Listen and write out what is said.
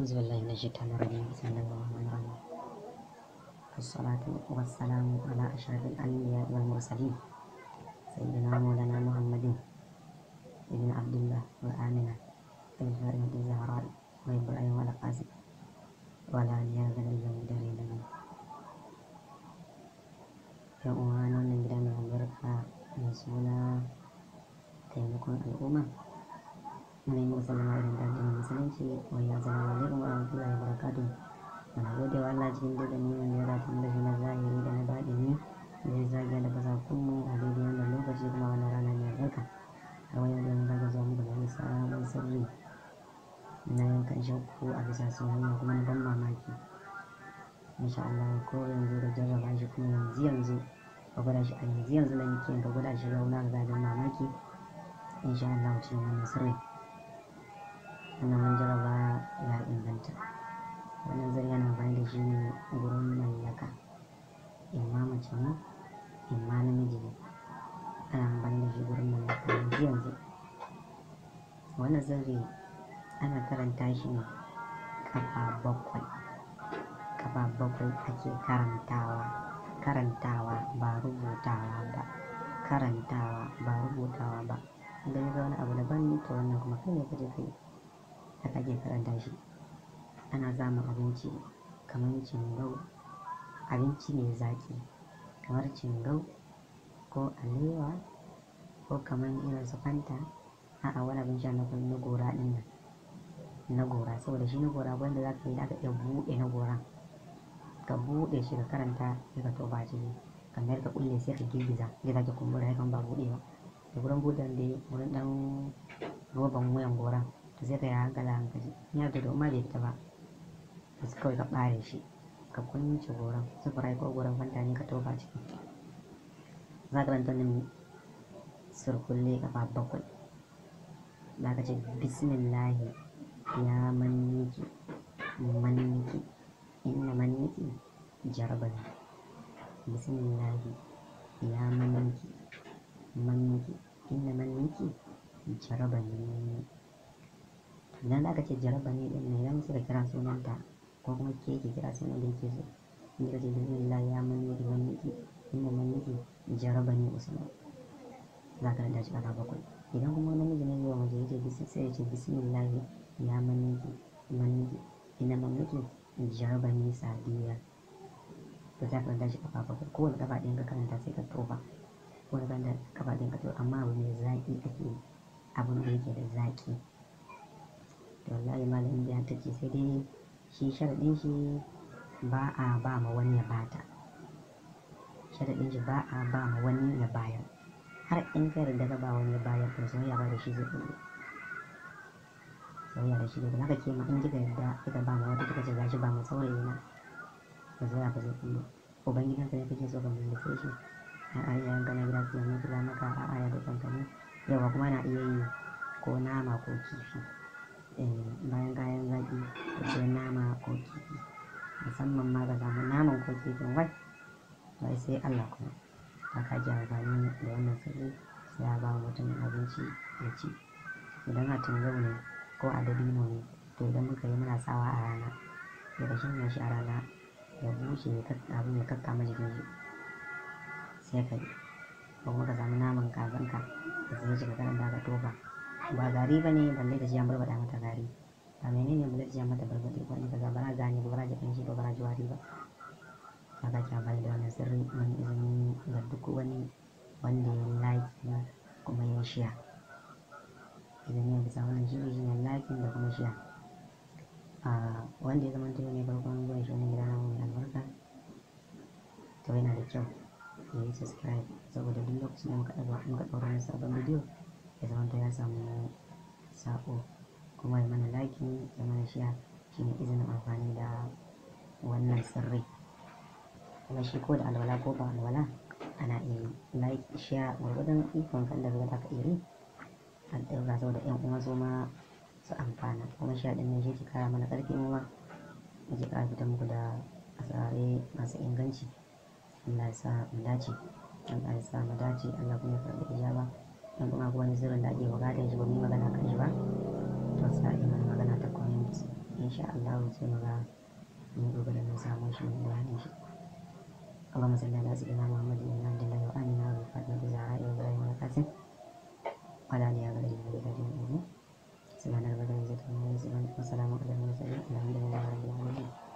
أعوذ بالله من الشيطان الرجيم بسم الله الرحمن الرحيم والصلاة والسلام على أشرف الأنبياء والمرسلين سيدنا مولانا محمد ابن عبد الله وآمنة ابن فاطمة الزهراء وإبراهيم والقاسم ولا ليغفر لهم دليلنا يا أمانا من بلاد البركة من سنة الأمم alaihi wa sallam irin da addinin musulunci wani assalamu alaikum wa rahmatullahi wa barakatuh gode wa Allah cikin duka neman da ya dace mu da shi na zahiri da na baɗini da ya zage da kasa kunmu a daidai wannan lokaci kuma wannan rana ne a albarka a wani da mun zaga zuwa mu da wani sabon sirri na kan shakku a bisa soyayya kuma na ban mamaki insha Allah ko yanzu da jarraba shi kuma yanzu yanzu ka gwada shi a yanzu yanzu nan yake ka gwada shi rauna da zaɓin mamaki insha Allah cikin wannan sirri ilimin jaraba ya inganta wannan zai yana amfani da shi ne gurin mallaka imma mace ne imma namiji ne ana amfani da shi gurin mallaka yanzu yanzu wannan zari ana karanta shi ne kafa bakwai kafa bakwai ake karantawa karantawa ba rubutawa ba karantawa ba rubutawa ba idan ya ga wani abu daban to wannan kuma kai ne kaje kai kake ake da shi ana zama abinci kamar cingau abinci mai zaƙi kamar cingau ko alewa ko kamar irin su fanta a wani abin sha na gora ɗin nan na gora saboda shi na gora wanda za ka yi da aka iya buɗe na goran ka buɗe shi ka karanta sai ka toba ciki kamar ka kulle sai ka girgiza zai sake kumbura ya kan ba buɗewa da gurin buɗe da wurin ɗan roban wuyan goran ka sai ka yi hankali hankali in yarda da umar bai fita ba sai kawai ka ɓare shi ka kunce goron sufurai ko goran fanta ne ka tofa ciki za ka ranta nan surkulle kafa bakwai za ka ce bismillahi ya manniki manniki inna manniki jarban bismillahi ya manniki manniki inna manniki ne idan aka ce jaraba ne ɗin nan idan suka kira sunanta ko kuma ke ki kira sunan da yake so in ka ce bismillah ya mani da manniki inda manniki jaraba ne usman za ka rada shi kafa bakwai idan kuma namiji ne zuwa mace yake bisi sai ya ce bismillah ya manniki ina inda manniki jaraba ne sadiya to za ka rada shi kafa bakwai kowane kafa ɗin ka karanta sai ka tofa kowane kafa ɗin ka tofa amma abu mai zaƙi ake abu da yake da zaƙi wallahi malam da ta ce sai dai shi sharadin shi ba a ba ma wani ya bata sharadin shi ba a ba ma wani ya bayar har in ka yarda ka ba wani ya bayar to ya ba da shi zai sai ya da shi zai ɗore haka ke ma in kika yarda kika ba ma wata kika ce gashi ba mu saurayi na to soyayya ba zai ɗore ka ne kake so ka mallake shi a'a yayin kana gida su yanzu kira maka a'a ya da kanka ne yawa kuma na iya yi ko nama ko kifi Eh, bayan kayan zaki da sai nama ko kifi musamman ma da samu naman ko kifin wai wai sai Allah kuma ba ka ji amfani da wannan sai sai ya ba mutum abinci ya ci idan a tunzau ne ko a dabino ne to idan muka yi muna sawa a rana ka shanya shi a rana ya bushe abin ya kakkama jikin shi sai ka yi ko kuma ka samu naman kazanka da sai shiga karan da ka tofa ba gari ba ne balle da shi an barbada mata gari ba menene balle da shi an mata barbada ko kaza ba na gani ba ba ji kanshi ba ba na ji wari ba haka ki amfani da wannan sirri wani izini ga duk wani wanda ya like kuma ya share idan ya bisa wannan shi ne shine da kuma shiya a wanda ya zamanta yau ne farkon zuwa shi ne gida na mai albarka to yana da kyau ya yi subscribe saboda duk lokacin da muka ɗaga wani sabon bidiyo ya wanda ya samu sako kuma ya mana laki ya mana shiya shine izinin amfani da wannan sirri kuma shi ko da alwala ko ba alwala ana iya like shiya gwargwadon ikon kan da zuwa aka iri a ɗauka saboda yan uwa su ma su amfana kuma shi ɗin nan shi ke kara mana ƙarfi mu ma ke ƙara fitan muku da asare masu inganci Allah ya sa mu dace Allah ya sa mu dace Allah kuma ya karɓi ijaba wani pengakuan itu tidak jiwa kata jiwa ini magana kan jiwa dosa iman magana tak koin insya Allah usia maga minggu pada dosa musim bulan insya Allah masalah dari sekitar Muhammad yang ada dari Anina Rufat Nabi Zahra Ibrahim Al-Qasim pada dia pada jiwa kita jiwa ini sebenarnya pada jiwa ini sebenarnya wassalamualaikum warahmatullahi wabarakatuh